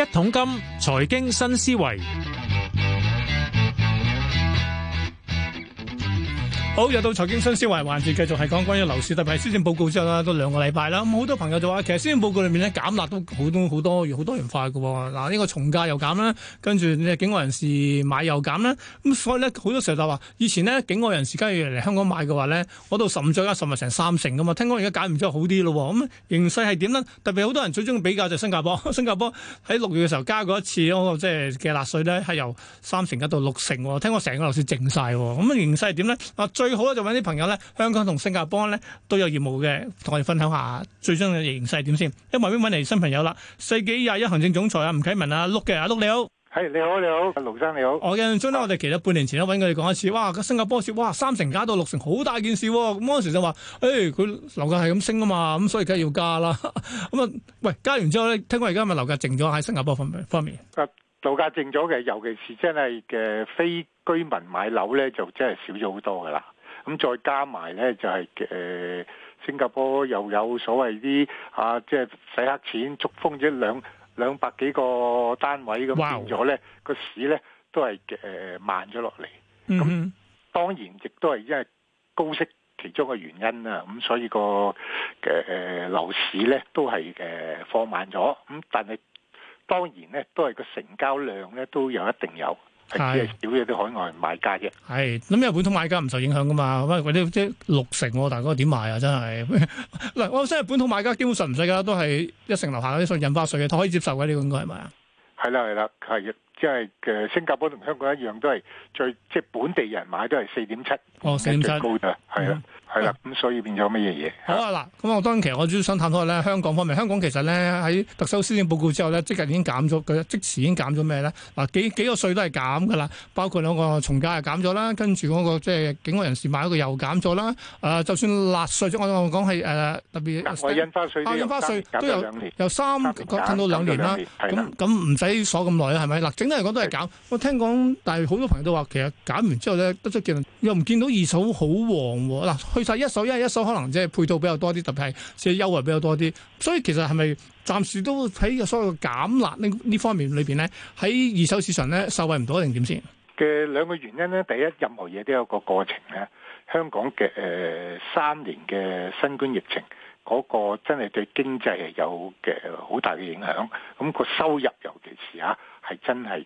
一桶金，財經新思維。好，又到財經新思維環節，繼續係講關於樓市，特別係施政報告之後啦，都兩個禮拜啦。咁好多朋友就話，其實施政報告裏面呢，減辣都好多好多好多元化嘅喎、哦。嗱，呢個重價又減啦，跟住你境外人士買又減啦。咁所以咧，好多時候就話，以前呢，境外人士假如嚟香港買嘅話呢，嗰度十五再加十，咪成三成噶嘛。聽講而家減唔出好啲咯喎。咁形勢係點呢？特別好多人最終比較就新加坡。新加坡喺六月嘅時候加過一次嗰個即係嘅納稅呢，係由三成加到六成。聽講成個樓市靜曬。咁形勢係點呢？最好咧就揾啲朋友咧，香港同新加坡咧都有業務嘅，同我哋分享下最新嘅形勢點先。因為揾嚟新朋友啦，世紀廿一行政總裁啊，吳啟民啊，祿嘅阿祿，你好，係你好你好，盧生你好。我印象中咧、啊，我哋其實半年前都揾佢哋講一次，哇，新加坡市哇三成加到六成，好大件事、啊。咁嗰時就話，誒、欸，佢樓價係咁升啊嘛，咁所以梗係要加啦。咁啊，喂，加完之後咧，聽講而家咪樓價靜咗喺新加坡方面方面。啊，樓價靜咗嘅，尤其是真係嘅非居民買樓咧，就真係少咗好多噶啦。咁再加埋咧，就係誒新加坡又有所謂啲啊，即係洗黑錢、觸風咗兩兩百幾個單位，咁變咗咧，個市咧都係誒慢咗落嚟。咁當然亦都係因為高息其中嘅原因啊，咁所以個誒誒樓市咧都係誒放慢咗。咁但係當然咧，都係個成交量咧都有一定有。係少咗啲海外買家嘅，係咁因為本土買家唔受影響噶嘛，喂嗰啲即係六成，啊，大哥點買啊？真係嗱，我真係本土買家基本上唔使噶，都係一成樓下啲信印花稅嘅，可以接受嘅，呢個應該係咪啊？係啦係啦，係即係嘅，是是新加坡同香港一樣都係最即係本地人買都係四點七，哦，升咗，係啊。嗯係、嗯、啦，咁所以變咗乜嘢嘢？好啊，嗱，咁我當其我主要想探討下咧香港方面。香港其實咧喺特首施政報告之後咧，即刻已經減咗，佢即時已經減咗咩咧？嗱，幾幾個稅都係減噶啦，包括兩個重價係減咗啦，跟住嗰個即係、就是、境外人士買嗰個又減咗啦、呃。就算納稅我講講係特別，啊、印花稅、印花稅都有有三個褪到兩年啦。咁咁唔使鎖咁耐係係咪？嗱，整體嚟講都係減。我聽講，但係好多朋友都話其實減完之後咧，得出結論又唔見到二手好旺喎。嗱、啊去晒一手，因為一手可能即係配套比較多啲，特別係即係優惠比較多啲，所以其實係咪暫時都喺所謂嘅減辣呢呢方面裏邊咧，喺二手市場咧受惠唔到定點先？嘅兩個原因咧，第一，任何嘢都有個過程咧，香港嘅誒、呃、三年嘅新冠疫情嗰、那個真係對經濟係有嘅好大嘅影響，咁、那個收入尤其是吓。係真係誒誒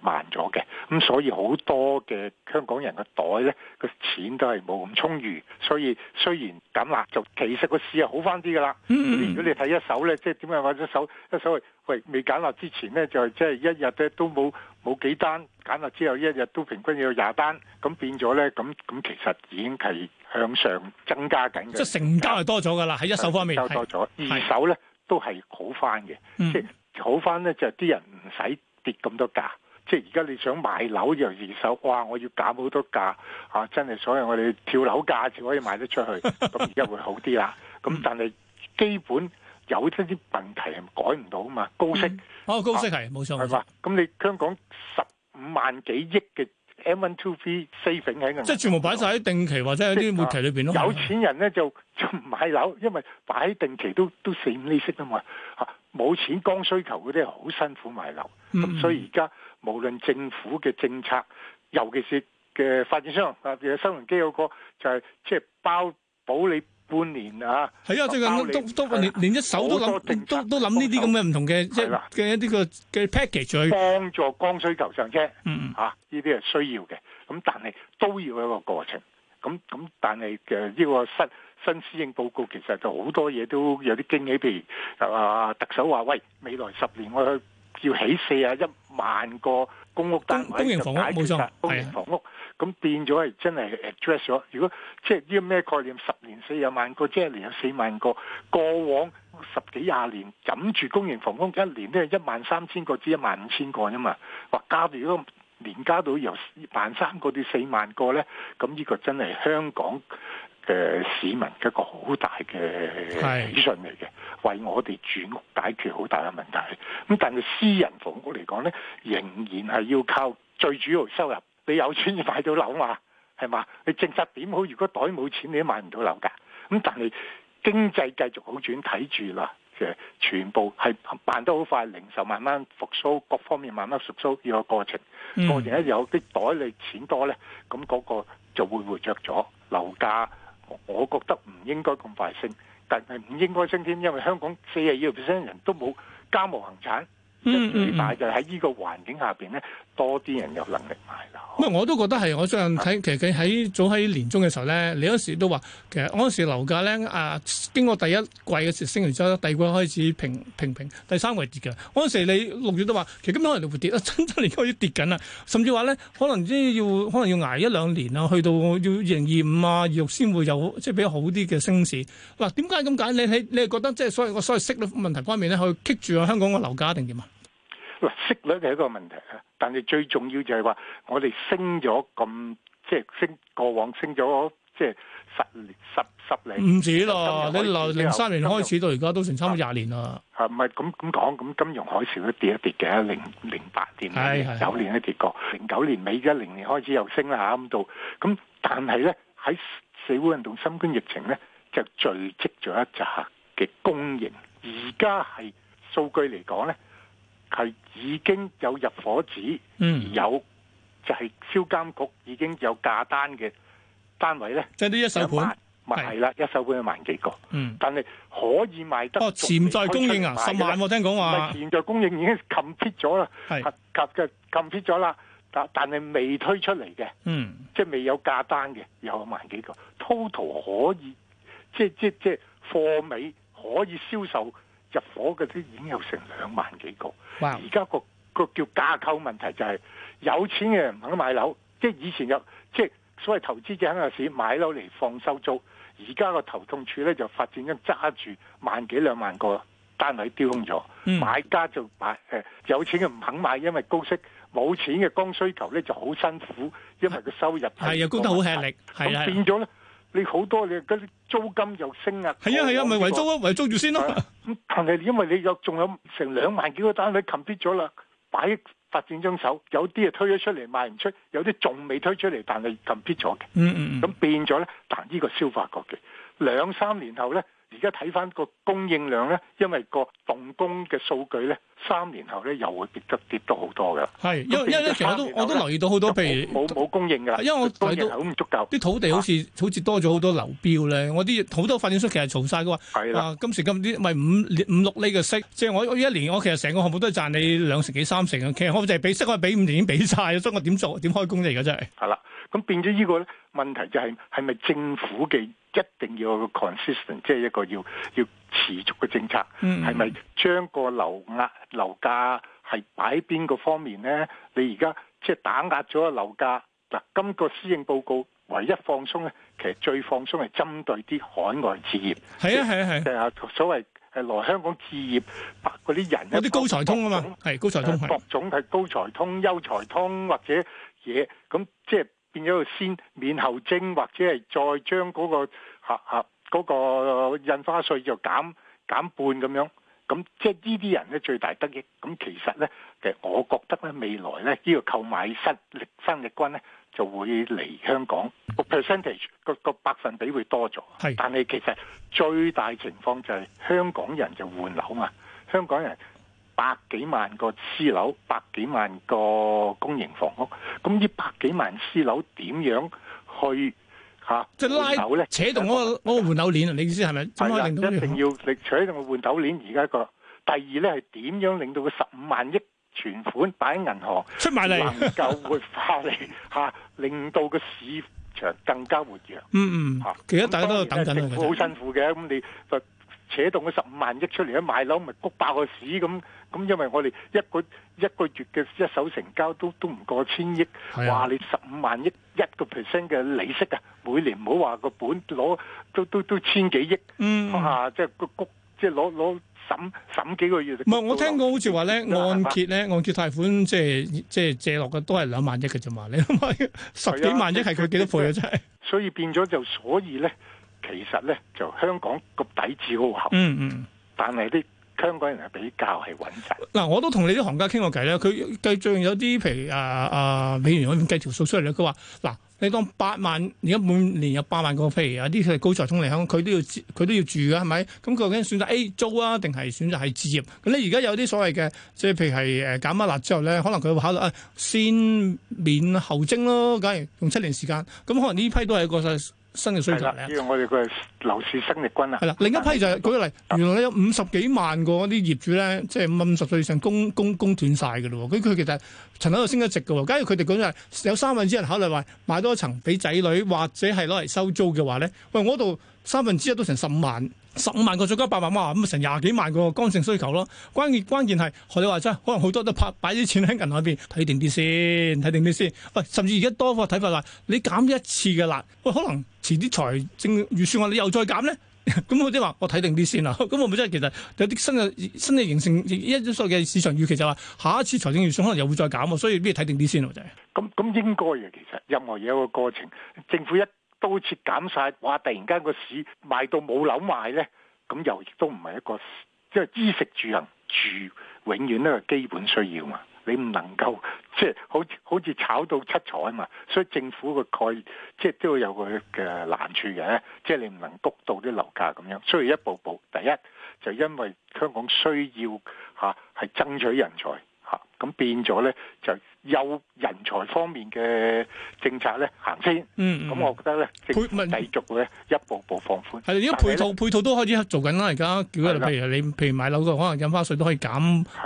慢咗嘅，咁所以好多嘅香港人嘅袋咧個錢都係冇咁充裕，所以雖然減辣就其實個市啊好翻啲噶啦。嗯，如果你睇一手咧，即係點啊？我一手一手喂未減辣之前咧，就即、是、係一日咧都冇冇幾單，減辣之後一日都平均要有廿單，咁變咗咧，咁咁其實已經係向上增加緊嘅。即係成交係多咗噶啦，喺一手方面，是成交多咗，二手咧都係好翻嘅。嗯。好翻咧，就係、是、啲人唔使跌咁多價，即係而家你想買樓又二手，哇！我要減好多價啊！真係，所以我哋跳樓價先可以賣得出去，咁而家會好啲啦。咁但係基本有啲啲問題係改唔到噶嘛，高息、嗯、哦，高息係冇錯，係、啊、嘛？咁你香港十五萬幾億嘅 M one two B saving 喺度，即係全部擺晒喺定期或者喺啲活期裏邊咯。有錢人咧就就唔買樓，因為擺喺定期都都四五厘息噶嘛。啊冇錢剛需求嗰啲係好辛苦買樓，咁、嗯、所以而家無論政府嘅政策，尤其是嘅發展商啊，譬如收銀機嗰個就係即係包保你半年啊，係啊，最近都都連連一手都諗都都諗呢啲咁嘅唔同嘅即係嘅呢個嘅 package 在幫助剛需求上啫。嚇呢啲係需要嘅，咁但係都要有一個過程，咁咁但係嘅呢個失。新施政報告其實就好多嘢都有啲驚喜，譬如特首話：喂，未來十年我要起四十一萬個公屋單位就解決，公營房屋咁變咗係真係 address 咗。如果即係呢個咩概念，十年四廿萬個，即係年有四萬個。過往十幾廿年揞住公營房屋，一年都係一萬三千個至一萬五千個啫嘛。話加到如果年加到由萬三個至四萬個咧，咁呢個真係香港。嘅市民的一個好大嘅喜訊嚟嘅，為我哋住屋解決好大嘅問題。咁但係私人房屋嚟講咧，仍然係要靠最主要收入。你有錢先買到樓嘛，係嘛？你政策點好？如果袋冇錢，你都買唔到樓㗎。咁但係經濟繼續好轉看，睇住啦其實，全部係辦得好快，零售慢慢復甦，各方面慢慢復甦，呢個過程。過程咧有啲袋你錢多咧，咁、那、嗰個就會活躍咗樓價。我覺得唔應該咁快升，但係唔應該升添，因為香港四十二 percent 人都冇家務恆產。嗯嗯，但、嗯、係就喺呢個環境下邊咧，多啲人有能力買樓。唔、嗯，我都覺得係。我相信喺其實佢喺早喺年中嘅時候咧，你嗰時都話，其實嗰陣時,時,時樓價咧，啊經過第一季嘅時升完之後，第二季開始平平平，第三季跌嘅。嗰陣時你六月都話，其實咁可能你會跌啊，真真係開始跌緊啦。甚至話咧，可能即係要可能要捱一兩年啦，去到要二零二五啊二六先會有即係比較好啲嘅升市。嗱、啊，點解咁解？你喺你係覺得即係所謂個所謂息率問題方面咧，去棘住香港嘅樓價定點啊？息率係一個問題啊，但係最重要就係話我哋升咗咁，即係升過往升咗即係十十十零唔止咯，你由零三年開始到而家都差唔多廿年啦。係咪咁咁講？咁、啊、金融海嘯都跌一跌嘅，零零八年、九年都跌過，零九年尾、一、呃、零年開始又升啦吓咁度。咁但係咧喺社會運動、新冠疫情咧就聚積咗一扎嘅供應。而家係數據嚟講咧。係已經有入伙紙，嗯、有就係銷監局已經有價單嘅單位咧，即係呢一手盤有賣啦，賣一手盤有萬幾個，嗯，但係可以賣得，哦，潛在供應啊，十萬、啊，聽講話，唔係潛在供應已經冚闢咗啦，係及就冚闢咗啦，但但係未推出嚟嘅，嗯，即係未有價單嘅有萬幾個，total 可以即即即貨尾可以銷售。 入伙嗰啲已經有成兩萬幾個，而家個個叫架構問題就係有錢嘅人唔肯買樓，即係以前有即係所謂投資者喺個市買樓嚟放收租，而家個頭痛處咧就發展咗揸住萬幾兩萬個單位丟空咗，買家就買誒有錢嘅唔肯買，因為高息；冇錢嘅剛需求咧就好辛苦，因為個收入係又高得好吃力，咁變咗咧。你好多你嗰啲租金又升啊！係啊係啊，咪圍租咯，圍租住先咯。咁同埋，但因為你有仲有成兩萬幾個單位冚闢咗啦，擺發展商手，有啲啊推咗出嚟賣唔出，有啲仲未推出嚟，但係冚闢咗嘅。嗯嗯咁、嗯、變咗咧，但呢個消化過嘅兩三年後咧。而家睇翻個供應量咧，因為個動工嘅數據咧，三年後咧又會跌得跌多好多嘅。係，因為因為我都我都留意到好多譬如冇冇供應嘅，因為我供應好唔足夠，啲土地好似好似多咗好多流標咧。我啲好多發展商其實嘈晒嘅話係啦，今時今啲咪五五六厘嘅息，即係我一年我其實成個項目都係賺你兩成幾三成嘅，其實我淨係俾息，我係俾五年已經俾晒。所以我點做點開工啫？而家真係係啦，咁變咗呢個咧問題就係係咪政府嘅？一定要有個 consistent，即係一個要要持續嘅政策，係咪將個樓壓樓價係擺邊個方面咧？你而家即係打壓咗個樓價嗱，今個施政報告唯一放鬆咧，其實最放鬆係針對啲海外置業，係啊係啊係，所謂係來香港置業白嗰啲人，有啲高才通啊嘛，係高才通，各種係高才通、優才通或者嘢，咁即係。變咗先免後徵，或者係再將嗰、嗰個吓吓、啊啊嗰個印花稅就減減半咁樣，咁即係呢啲人咧最大得益。咁其實咧，我覺得咧未來咧呢個購買力生力軍咧就會嚟香港個 percentage 個個百分比會多咗。係，但係其實最大情況就係香港人就換樓嘛，香港人。百幾萬個私樓，百幾萬個公營房屋，咁呢百幾萬私樓點樣去即係、啊、拉樓咧？扯動我、那個換樓、啊、換樓鏈啊！你意思係咪、這個？一定要你取動個換樓鏈。而家個第二咧係點樣令到個十五萬億存款擺喺銀行出埋嚟，能夠活化你、 啊、令到個市場更加活躍。 嗯嗯、啊，其實大家都等緊政府好、啊、辛苦嘅，咁、啊、你。扯動咗十五萬億出嚟一買樓，咪谷爆個市咁、咁，咁咁因為我哋一個一個月嘅一手成交都都唔過千億，話、啊、你十五萬億一個 percent 嘅利息啊，每年唔好話個本攞都都都千幾億，哇、嗯！即係個谷即係攞攞審審幾個月捕捕。唔係我聽過好似話咧按揭咧按揭貸款即係即係借落嘅都係兩萬億嘅啫嘛，你諗下、啊、十幾萬億係佢幾多倍啊真係？所以變咗就所以咧。其實咧就香港個底子好厚，嗯嗯，但係啲香港人係比較係穩陣。嗱，我都同你啲行家傾過偈，呢佢計仲有啲譬如啊啊、呃呃、美元嗰邊計條數出嚟咧，佢話嗱，你當八萬而家每年有八萬個飛，有啲係高才通嚟香港，佢都要佢都要住㗎，係咪？咁佢究竟選擇 A 租啊，定係選擇係置業？咁你而家有啲所謂嘅，即係譬如係誒減壓辣之後咧，可能佢會考慮啊先免後徵咯，假如用七年時間，咁可能呢批都係一個新嘅需求，呢個我哋係樓市生力軍啊！係啦，另一批就係舉個例，原來有五十幾萬個啲業主咧，即係五十歲以上供供供斷晒噶啦。咁佢其實層樓又升得值噶。假如佢哋嗰日有三分之一人考慮話買多一層俾仔女，或者係攞嚟收租嘅話咧，喂，我度三分之一都成十五萬。十五萬個，再加八萬蚊，咁咪成廿幾萬個剛性需求咯。關鍵關鍵係，學你話齋，可能好多都擺擺啲錢喺銀行入邊，睇定啲先，睇定啲先。喂，甚至而家多個睇法啦，你減一次嘅啦，喂，可能遲啲財政預算話你又再減咧，咁嗰啲話我睇定啲先啦。咁我咪即係其實有啲新嘅新嘅形成，一啲所謂嘅市場預期就話，下一次財政預算可能又會再減喎。所以不如睇定啲先就係。咁咁應該嘅，其實任何嘢一個過程，政府一。都切減晒，哇！突然間個市賣到冇樓賣咧，咁又亦都唔係一個即係，衣食住行住永遠都係基本需要嘛。你唔能夠即係好似好似炒到七彩嘛，所以政府個概即係都有個嘅難處嘅，即係你唔能夠谷到啲樓價咁樣，所以一步步第一就因為香港需要吓係、啊、爭取人才吓咁、啊、變咗咧就。有人才方面嘅政策咧，行先。嗯，咁、嗯、我覺得咧，政府繼續咧，一步步放寬。係，啲配套呢配套都開始做緊啦。而家譬如你，譬如買樓可能印花稅都可以減，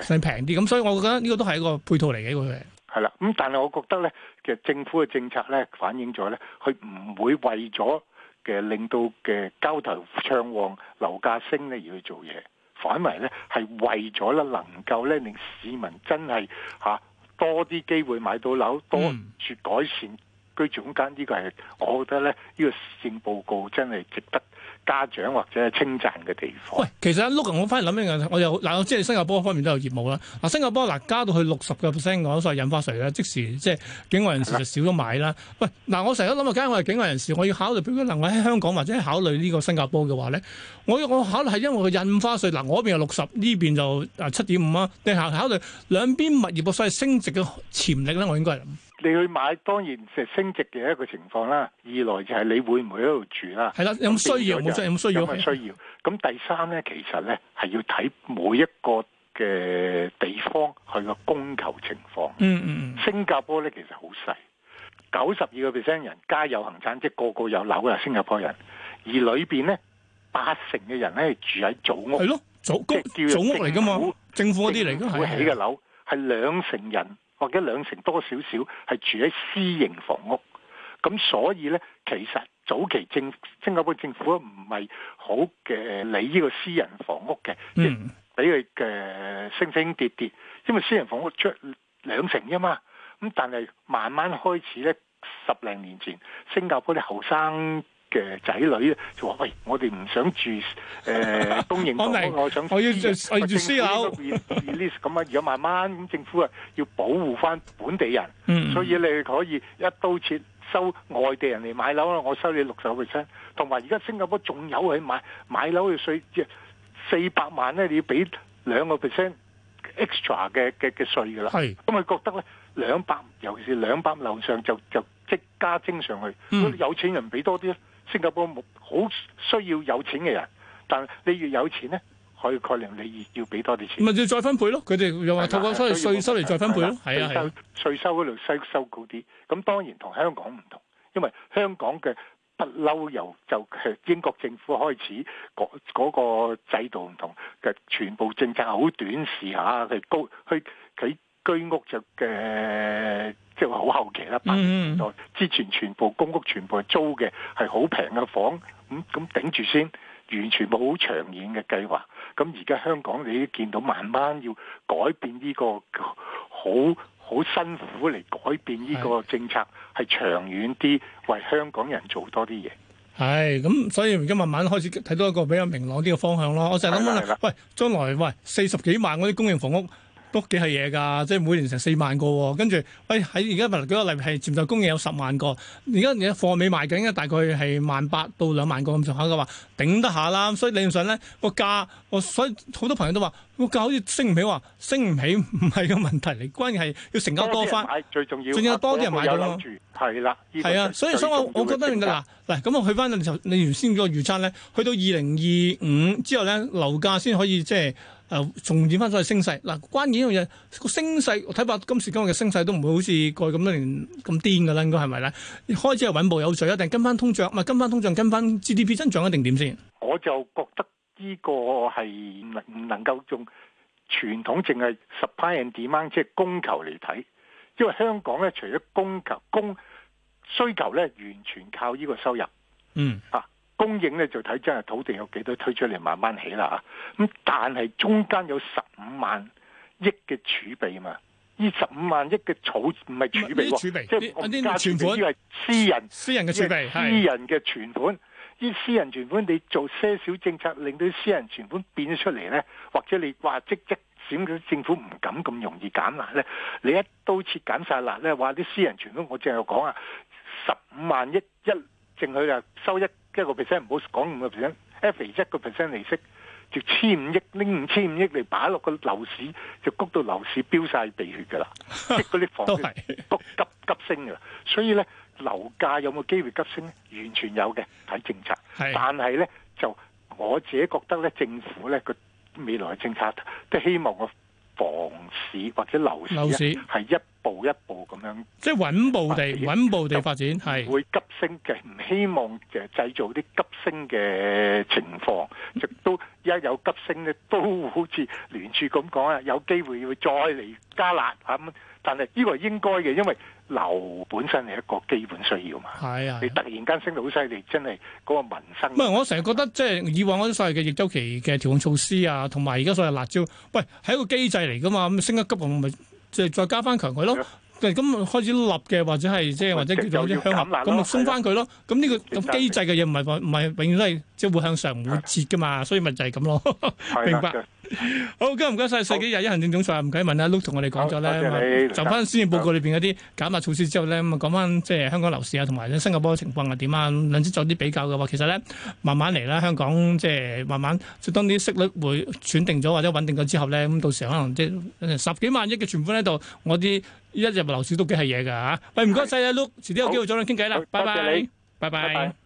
使平啲。咁所以我覺得呢個都係一個配套嚟嘅。呢個係係啦。咁、嗯、但係我覺得咧，其實政府嘅政策咧，反映咗咧，佢唔會為咗嘅令到嘅交投暢旺、樓價升咧而去做嘢，反呢為咧係為咗咧能夠咧令市民真係嚇。啊多啲機會買到樓，多住改善。嗯居總監呢個係，我覺得咧呢個市政報告真係值得嘉獎或者稱讚嘅地方。喂，其實阿 Luke 我翻嚟諗一樣，我又嗱，我即係新加坡方面都有業務啦。嗱，新加坡嗱加到去六十個 percent 所謂印花稅咧，即時即係境外人士就少咗買啦。喂，嗱，我成日都諗下，啊，家我係境外人士，我要考慮如果能夠喺香港或者考慮呢個新加坡嘅話咧，我要我考慮係因為個印花稅嗱，我嗰邊係六十，呢邊就啊七點五啊，你考慮兩邊物業所謂升值嘅潛力咧，我應該係。你去買，當然就升值嘅一個情況啦。二來就係你會唔會喺度住啦、啊？係啦，有需要？有冇需要？有需要？咁、嗯嗯、第三咧，其實咧係要睇每一個嘅地方佢嘅供求情況。嗯嗯新加坡咧其實好細，九十二個 percent 人家有恒產，即係個個有樓啊，新加坡人。而裏邊咧，八成嘅人咧住喺祖屋。係咯，祖屋，祖屋嚟噶嘛？政府嗰啲嚟噶，係會起嘅樓係兩成人。或者兩成多少少係住喺私營房屋，咁所以咧，其實早期政新加坡政府唔係好嘅理呢個私人房屋嘅，即俾佢嘅升升跌跌，因為私人房屋出兩成啫嘛。咁但係慢慢開始咧，十零年前新加坡啲後生嘅仔女咧，就話：喂，我哋唔想住誒、呃、東營房。 我想我要住我要住私樓 release 咁啊！如 果慢慢，咁政府啊要保護翻本地人、嗯，所以你可以一刀切收外地人嚟買樓咯。我收你六十個 percent，同埋而家新加坡仲有係買買樓嘅稅，四百萬咧你要俾兩個 percent extra 嘅嘅嘅稅噶啦。係咁，佢覺得咧兩百，200, 尤其是兩百樓上就就即加徵上去、嗯，有錢人俾多啲咧。新加坡冇好需要有錢嘅人，但係你越有錢咧，可以確定你越要要俾多啲錢。咪要再分配咯，佢哋又話透過收稅收嚟再分配咯，係啊係啊，稅收嗰度收收高啲，咁當然同香港唔同，因為香港嘅不嬲由就英國政府開始嗰嗰個制度唔同嘅，全部政策好短視下佢高佢佢居屋就嘅。即係好後期啦，八十年代之前全部公屋全部租嘅係好平嘅房，咁、嗯、咁頂住先，完全冇好長遠嘅計劃。咁而家香港你見到慢慢要改變呢、呢個好好辛苦嚟改變呢個政策，係長遠啲為香港人做多啲嘢。係咁，所以而家慢慢開始睇到一個比較明朗啲嘅方向咯。我就係諗緊啦，喂，將來喂四十幾萬啲公營房屋，屋企係嘢㗎，即係每年成四萬個，跟住，喂、哎，喺而家嗰個例係潛在供應有十萬個，而家而家貨尾賣緊大概係萬八到兩萬個咁上下嘅話，頂得下啦。所以理論上咧，個價我所以好多朋友都話個價好似升唔起喎，升唔起唔係個問題，嚟，關鍵係要成交多翻，最重要，成交多啲人買咁啊，係啦，係啊，所以所以我我覺得得嗱嗱咁我去翻你原先個預測咧，去到二零二五之後咧，樓價先可以即係。誒、呃，重點翻所謂升勢嗱、啊，關鍵呢樣嘢個升勢，我睇法今時今日嘅升勢都唔會好似過去咁多年咁癲噶啦，應該係咪咧？開始係穩步有序一定跟翻通脹？咪、啊，跟翻通脹，跟翻 GDP 增長一定點先？我就覺得呢個係唔能夠用傳統，淨係 supply and demand 即係供求嚟睇，因為香港咧，除咗供求供需求咧，完全靠呢個收入，嗯供應咧就睇真係土地有幾多推出嚟慢慢起啦嚇，咁但係中間有十五萬億嘅儲備嘛？呢十五萬億嘅儲唔係儲備喎，哦、儲備、哦、即係我啲存款，呢係私人私人嘅儲備，私人嘅存款，呢私人存款你做些少政策令到啲私人存款變咗出嚟咧，或者你話即一閃，政府唔敢咁容易減辣咧，你一刀切減晒辣咧，話啲私人存款，我淨係講啊，十五萬億一淨佢就收一。一個 percent 唔好講五個 percent，every 一個 percent 利息就千五億，拎五千五億嚟擺落個樓市，就谷到樓市飆晒鼻血㗎啦！即係嗰啲房 都，都急急升㗎，所以咧樓價有冇機會急升咧？完全有嘅，睇政策。是但係咧就我自己覺得咧，政府咧個未來嘅政策都希望我。房市或者樓市係一步一步咁樣，即係穩步地、穩步地發展，係會急升嘅，唔希望誒製造啲急升嘅情況。亦 都而家有急升咧，都好似聯署咁講啊，有機會會再嚟加辣咁。但係呢個係應該嘅，因為樓本身係一個基本需要嘛。係啊，啊、你突然間升到好犀利，真係嗰個民生。唔係，我成日覺得即係以往嗰啲所謂嘅逆周期嘅調控措施啊，同埋而家所謂辣招，喂，係一個機制嚟㗎嘛。咁升得急咪即係再加翻強佢咯。咁、啊、開始立嘅或者係即係或者叫做向下嘞，咁咪鬆翻佢咯。咁呢、啊呢個咁機制嘅嘢唔係唔係永遠都係即係會向上唔會跌㗎嘛、啊。所以咪就係咁咯。 明白。 好，今日唔該晒世紀21行政總裁唔該，問啊，Luke 同我哋講咗咧，就翻施政報告裏邊嗰啲減辣措施之後咧，咁啊講翻即係香港樓市啊，同埋新加坡情況係點啊，兩者做啲比較嘅話，其實咧慢慢嚟啦。香港即係慢慢，即係當啲息率會轉定咗或者穩定咗之後咧，咁到時候可能即係十幾萬億嘅存款喺度，我啲一日樓市都幾係嘢噶吓。喂，唔該晒啊，Luke，遲啲有機會再傾偈啦，拜拜，拜拜。拜拜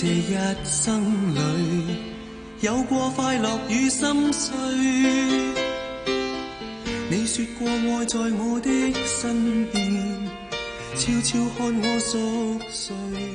這一生裏，有過快樂與心碎。你說過愛在我的身邊，悄悄看我熟睡。